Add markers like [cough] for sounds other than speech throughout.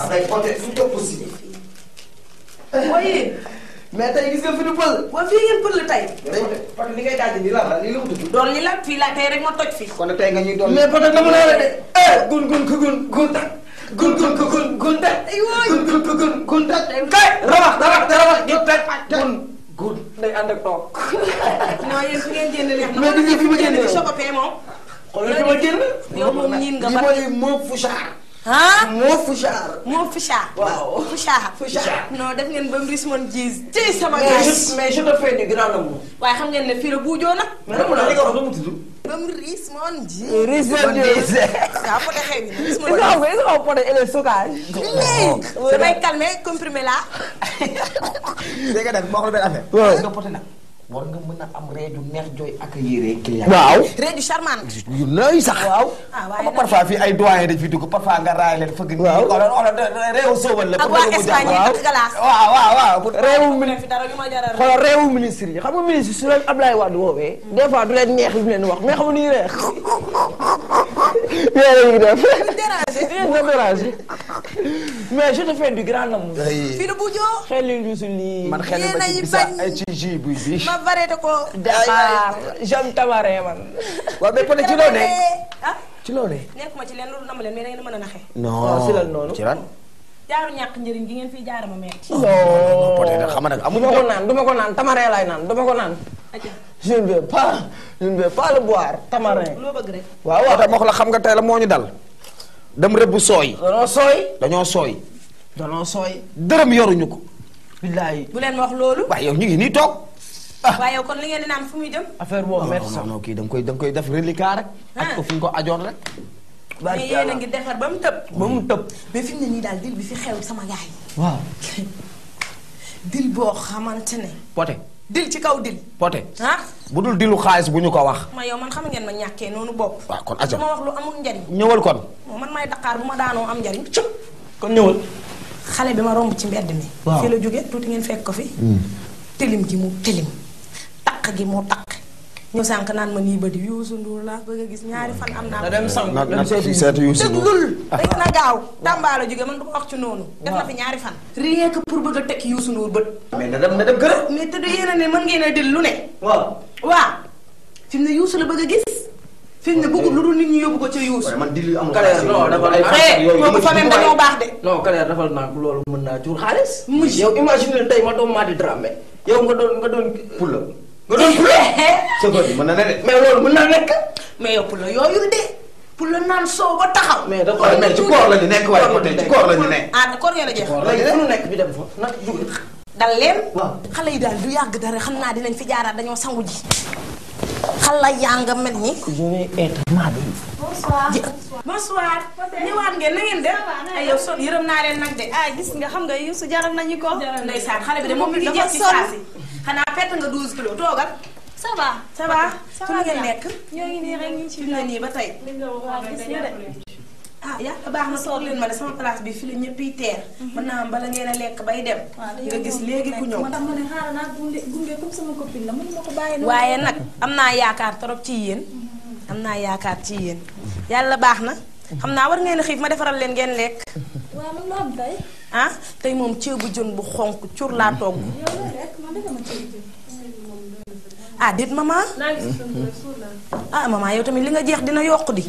avec côté tout est possible. mais tey gis nga fi du pël. waaw fii ngeen pël tey. tey Fatou li ngay daaj nii lan la lii la ko tudd. doon li la fii la tey rek ma toj fii. kon tey nga ñuy doon. mais Fatou dama la de. gun gun gun gun tak. gun gun gun gun tak. gun gun gun gun tak. kay rabax rabax rabax jot rek gun gun day ànd ak toog. non yéen su ngeen jënd leen. mais du ngeen fi ma jëndee moom. xoolal fi ma génn. yow moom ñiin nga ba tey moo fushar. ah moo fushar. moo fushar. waaw fushar. ba mu ris moon jiis. tey sama gars yi mais je te fais du grand amour. la buujoo nag. mais nag li nga wax ba mu tudd. ba la. dégg nga nag moo xam ne benn affaire. waaw war nga mën a am réew yu neex jooy accueillir client. waaw réew yu charmant. yu nooy sax. waaw ah waaye parfois fii ay doyen dañ fi dugg parfois nga raay leen fëgg. waaw olo olo réew sóobal la. ak waa Espagne ak glace. waaw du leen neex li mu leen wax [laughs] a [laughs] mais je te fais du grand amour. fii la bu joo. xelil rusul lii. man xel ma ci bisa ci ji buy bi. ko. Dakar jam tamaré man. waaw mais peut ci loo ne. ah ci loo ne. nekkuma ci leen loolu nama leen mais a naxe. non si lan noonu ci lan. jaaru ñàkk njëriñ gi ngeen fi jaara ma metti. non peut-être xam nga nag amuñu. du ko naan du ma ko naan tamaré laay naan du ma ko naan. je ne veux pas boire tamarin. loo waaw moo la xam nga tey la moo ñu dal. dam rëbb sooy. dañoo sooy. dañoo sooy. danoo sooy. dërëm yoruñu ko. billaahi bu leen ma wax loolu. waaye yow ñu ngi nii toog. Ah. waaye yow kon li ngeen di naan fu muy jëm. affaire boo métti sax non kii da koy da nga koy def reliquat rek. ak ah. ko fu ko ajoon rek. barke mais yéen a ngi defar ba mu tëb. ba mu tëb. mais fi ne nii daal dil bi fi xew sama gaa yi. waaw. dil boo xamante ne. dil ci kaw dil. Poté ah. bu dul dilu xaalis bu ñu ko wax. ma yow man xam ngeen ma ñàkkee noonu bopp. waaw kon aja ma wax lu amul njariñ. ñëwal kon. man may daqaar bu ma daanoo am njariñ kon ñëwal. xale bi ma romb ci mbedd mi. waaw jóge tuuti ngeen fekk ko fi. Hmm. tilim gi mu tilim. takk gi mu takk. ñu sànq naan ma nii ba di Youssou laa bëgg a gis ñaari fan am naa. dem sànq dem seeti Youssou Ndour dëggul day ah. na du ko wax ñaari fan. rien que pour bëgg a teg Youssou Ndour bët. te de a a dil lu ne. waaw waaw. fi mu ne Youssou la bëgg a gis. fi mu ne bëggul lu dul nit ñi yóbbu ko ca Youssou. man dil amul xaalis non dafa ay fan yooyu yëpp fa même dañoo baax de. non Kaleer dafa naa loolu mën naa ma doon maa di dramé yow nga doon nga doon pour la nga doon poulet. [laughs] sa na ne mais loolu mën naa nekk. mais yow poulet yooyu de poulet naan soow ba taxaw. mais da koy mais ci koor la nekk waaye côté ci koor la ñu nekk. ah koor ngeen a jeex. la ñu nekk xale yi daal du yàgg dara xam naa dinañ fi jaaraat dañoo sangu ji. xala yaa nga mel ni. yooyu état bi. bonsoir bonsoir. ñëwaat ngeen na ngeen def. ay yow sol yërëm naa leen nag de. ah gis nga xam nga Youssou jaral nañu ko. ndeysaan xale bi de moom mi ngi jeex ci xanaa perte nga 12 kilos toogal. ça va ça va ça ngeen nekk. ñoo ngi nii rek ñu ci la nii ba tey. ah yàlla baax na toog leen ma ne sama place bi fi la ñëpp yi teer. Mhm. mën naa am bala ngeen lekk bay dem. nga gis léegi ku ñëw. ma ne xaaral naa gunge gunge comme sama waaye nag am naa yaakaar trop ci yéen. Mhm. am naa yaakaar ci yéen. yàlla baax na. xam naa war ngeen a xiif ma defaral leen ngeen lekk. waaw ah tey moom ceebu jën bu xonq cur laa togg. ah déet maman. ah maman yow tamit li nga jeex dina yokk di.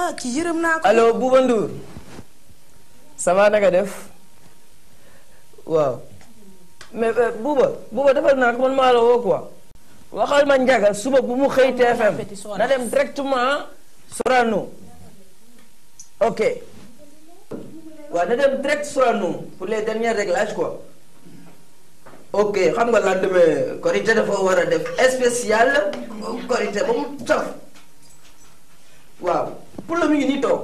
ah ci yërëm naa ko. allo Bouba Ndour. ça va naka def waaw. mais euh, Bouba Bouba defal naa ko man maa woo quoi. waxal ma njaga suba bu mu xëy TFM na dem directement Sorano. ok waaw na dem direct sur nous pour les derniers réglages quoi ok xam nga laa lendemain korité dafa war a def spécial korité ba mu saf waaw pour la mi ngi nii toog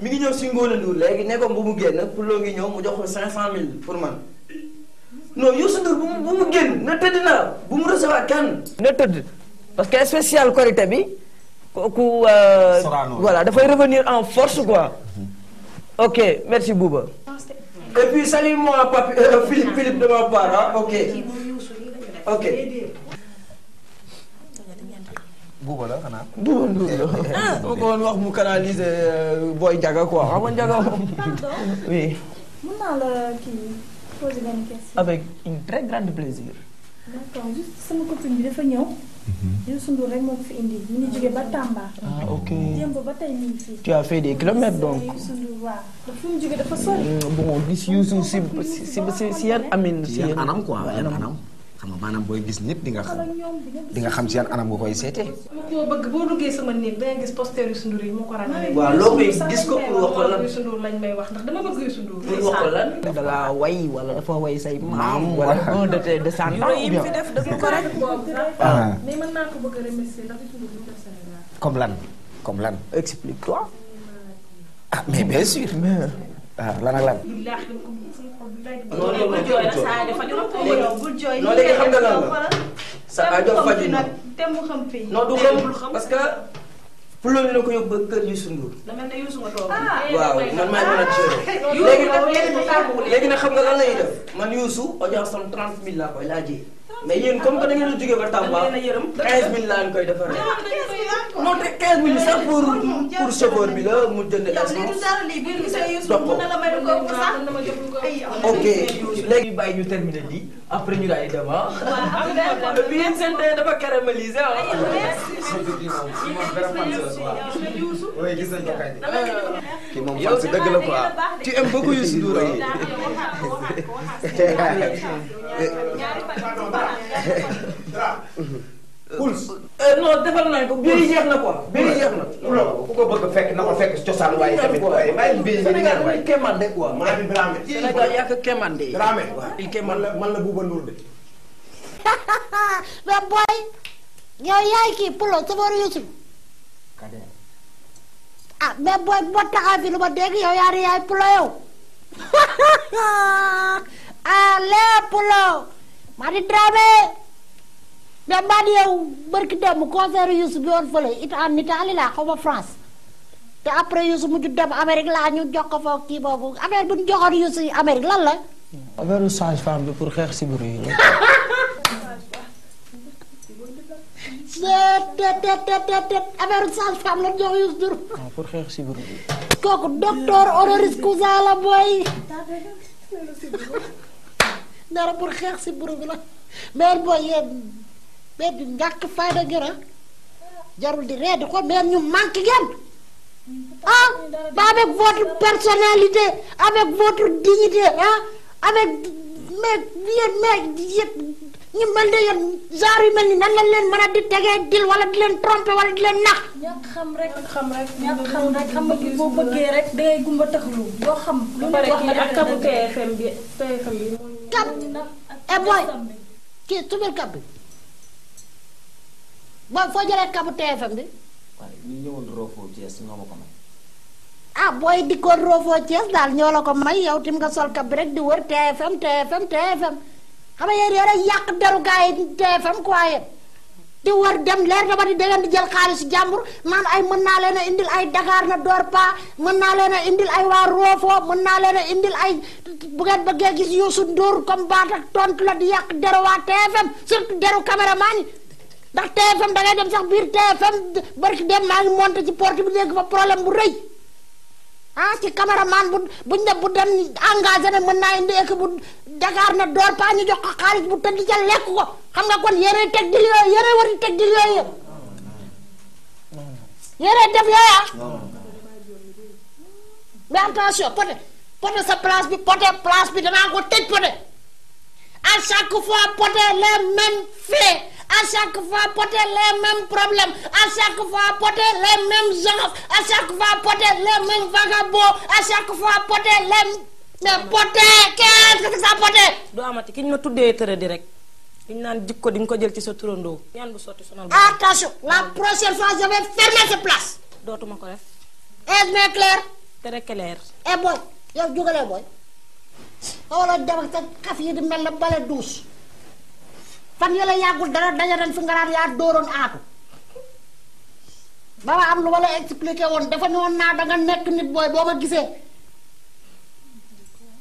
mi ngi ñëw si Ngóone Ndour léegi ne ko bu mu génn pour loo ngi ñëw mu jox ko 500000 pour man non Youssou Ndour bu mu bu mu génn na tëdd na bu mu recevoir kenn. na tëdd parce que spécial korité bi. kooku. Euh, voilà dafay revenir en force quoi. ok merci Bouba. et puis salue-moi papi euh, euh, Philippe Philippe de ma part ah ok. ok. Bouba la xanaa. Bouba Ndour la eh, eh, eh, ah ma ko wax mu canaliser euh, Boy Ndiaga quoi xam ah, nga Ndiaga moom. oui. mën naa la kii poser benn question. avec une très grande plaisir. d'accord juste sama copine bi dafa ñëw. Youssou Ndour rek moo fi indi ñu ngi jóge ba Tamba. ah ok ah, tu as fait des kilomètres donc. Youssou Ndour euh, bon gis Youssou si si si si yan anam quoi yan anam. xam nga maanaam booy gis nit di nga xam di nga xam si yan anam nga koy seetee. koo bëgg boo duggee sama néeg da nga gis poster yu sundur yi moo ko ràññee. gis ko pour wax lan sundur wax ndax way wala dafa way say maam wala un de de cent ans. yooyu fi def dëgg ah. a remercier ndax sundur lu def Sénégal. comme lan comme lan explique-toi. Ah, mais bien sûr mais. ah lan ak lan. non léegi xam nga lan la. sa aajo faju na non du xam parce que. fuloo na ko yóbbu ba kër Youssou Ndour. waaw man maa mën a léegi nag léegi nag xam nga lan lay def man Youssou audience am 30 000 laa koy laajee. mais yéen comme que da ngeen a jógee ba Tamba 15000 laa koy defaree. non te 15000 sax pour pour chauffeur bi la mu jënd essence. donc ok léegi bàyyi ñu terminer lii après ñu daal di dem ah. bi yéen seen tey dafa caramélisé ah. oui gis nañu ko kañ. kii moom fan si dëgg la quoi. tu aimes beaucoup Youssou Ndour ah. [laughs] puls. Euh, non defal ko. bii jeex na quoi. ku ko bëgg fekk na ko fekk cosaan waaye tamit. waaye maa ngi Sénégal muy kéemande quoi. maa ngi Dramé. Sénégal yaa ko kéemande. Dramé il kéemande man la man la Bouba Ndour de. mais [laughs] booy. yow yaay kii Pulo Sëbëru Yusuf. ah mais booy bu ma taxaw fi lu ma dégg yow yaa ne Pulo yow. ah [laughs] les Pulo. Madi Dramé mais man yow barki dem concert Youssou bi woon fële it en Italie laa xaw France te après Youssou mujj dem Amérique laa ñu jox ko foofu kii boobu affaire bu ñu joxoon Youssou Amérique la. affaire sage-femme bi pour xeex si [laughs] jox Youssou. waaw pour xeex si biir kooku docteur honoris causa la booy. [laughs] nara pour xeex si buru bi la meen boo yéen meen ñu ñàkk fayda ngeen jarul di ree ko meen ñu manque ngeen ah avec votre personnalité avec votre dignité ah, avec mais yéen mais yépp ñu mel ne yéen genre yu mel ni nan leen mën a di tegee dil wala di leen trompé wala di leen nax. kàpp e booy kii subir kàpp bi booy foo jëlee kàpp TFM bi. ma ko may. ah booy dikkoon Roofoo Thiès daal ñoo la ko may yow tim nga sol kàpp bi rek di wër TFM TFM TFM xam nga yéen yéen a yàq deru gaa yi TFM quoi yéen di war dem leer na ba di da di jël xaalisu jàmbur naan ay mën naa leen a indil ay Dakar na door paa mën naa leen a ay waa Roofo mën naa leen a indil ay bu bëggee gis Youssou Ndour comme baat tontu la di yàq deru waa TFM surtout deru caméraman yi ndax TFM da ngay dem sax biir TFM barki dem maa ngi monté ci porte bi dégg fa problème bu rëy. ah ci cameraman bu buñ ne bu dem engagé na mën naa indi équipe bu Dakar na door paa ñu jox ko xaalis bu tëdd ca lekk ko xam nga kon yére teg dil yooyu yére war di teg dil yooyu yëpp yére def yooya mais attention pote pote sa place bi pote place bi danaa ko tëj pote à chaque fois pote les mêmes faits a chaque fois porter les mêmes problèmes à chaque fois porter les mêmes gens à chaque fois porter les mêmes vagabonds à chaque fois porter les mêmes porter quest ki ñu ma tuddee tërëdi rek. ñu naan jikko di ko jël ci sa turandoo. ñaan bu sotti sonal ba. la prochaine fois je vais fermer place. dootuma ko def. est-ce bien clair. très clair. Eh, yow jugalee booy. xaw ma sa kaf yi mel ne bale douce. fan yële yàggul dara daje nañ fi nga yaa dóoroon aatu dama am lu ma la expliqué woon dafa ne woon naa da nekk nit booy boo ma gisee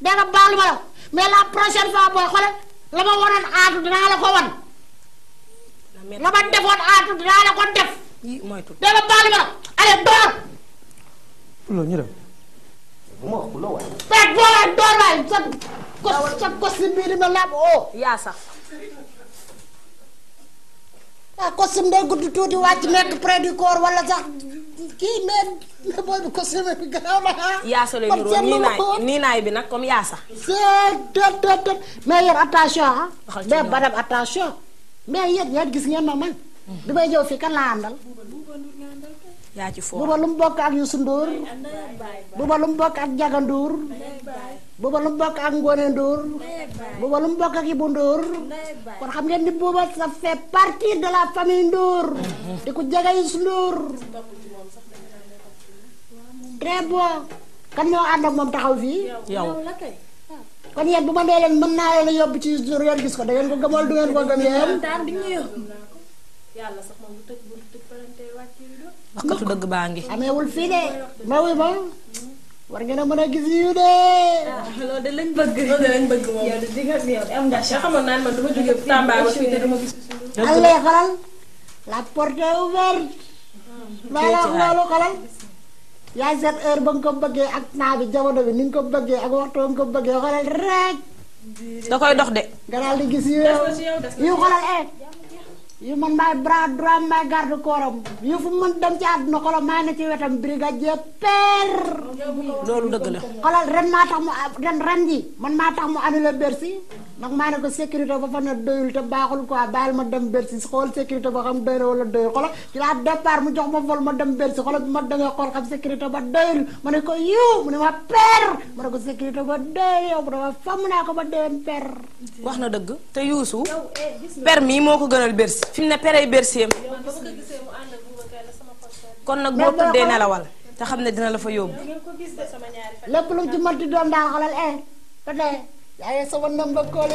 dara baalu ma la mais la prochaine fois booy xoole la ma defoon aatu dinaa la ko def. mooy tuuti dara la allez door. loolu ñu dem. ma boo waay door waay sa. sa kos si biir ma laab oo. Oh. ah costume day gudd tuuti wàcc nekk près du corps wala sax kii mais booy bi costume bi gannaaw la ah. yaasa lay niroo nii bi nag comme yaasa. c'est tout tout tout mais yéen attention ah. mais badam attention. mais gis ngeen ma man. Mm-hmm. bi may ñëw fii kan laa àndal. lu mu bokk ak Youssou Ndour. lu mu bokk ak Ndiaga booba lu mu bokk ak Ngoné Ndour booba lu mu bokk ak Ibou Ndour kon xam ngeen ni booba ça fait partie de la famille Ndour di ko jege Youssou Ndour très bon kan ñoo ànd ak moom taxaw fii yow kon yéen bu ma nee leen mën naa leen yóbbu ci Youssou Ndour yéen gis ko da ngeen ko gëmal du ngeen ko gëm yéen waxkatu dëgg baa ngi ameewul fii de ma wuy war ngeen a mën a gis yu de. ah loolu de lañ bëgg. loolu de lañ bëgg moom yow de di nga yow la porte est ouverte. Ah, voilà loolu xolal. yaay seet heure ba ko bëggee ak naa bi jamono bi ni ko bëggee ak waxtu ba ko bëggee xolal rek. da koy dox de. nga di gis yu yow yu eh. yi man maay bras droit maay garde corps am yëfu mën dem ci àdduna ko la maay na ci wetam brigadier père. loolu dëgg la. xoolal ren maa tax mu ren ren ji man maa tax mu annulé Bercy ndax maa ne ko sécurité ba fa ne doyul te baaxul quoi bàyyil ma dem Bercy xool sécurité ba xam doy na wala doyul xoolal ci mu jox ma vol ma dem Bercy xoolal bi ma demee xool xam sécurité ba doyul ma ne ko yiw mu ne ma père ma ne ko sécurité ba doy yow mu ne ma famm naa ko ba doyoon père. wax na dëgg te Youssou. permis moo ko gënal Bercy. fi mu ne perey berseem kon nag boo tëddee nelawal te xam ne dina la fa yóbbu. lépp lu ci mënti doon daal xoolal eh ba tey yaa ngi sama ndam ba kóol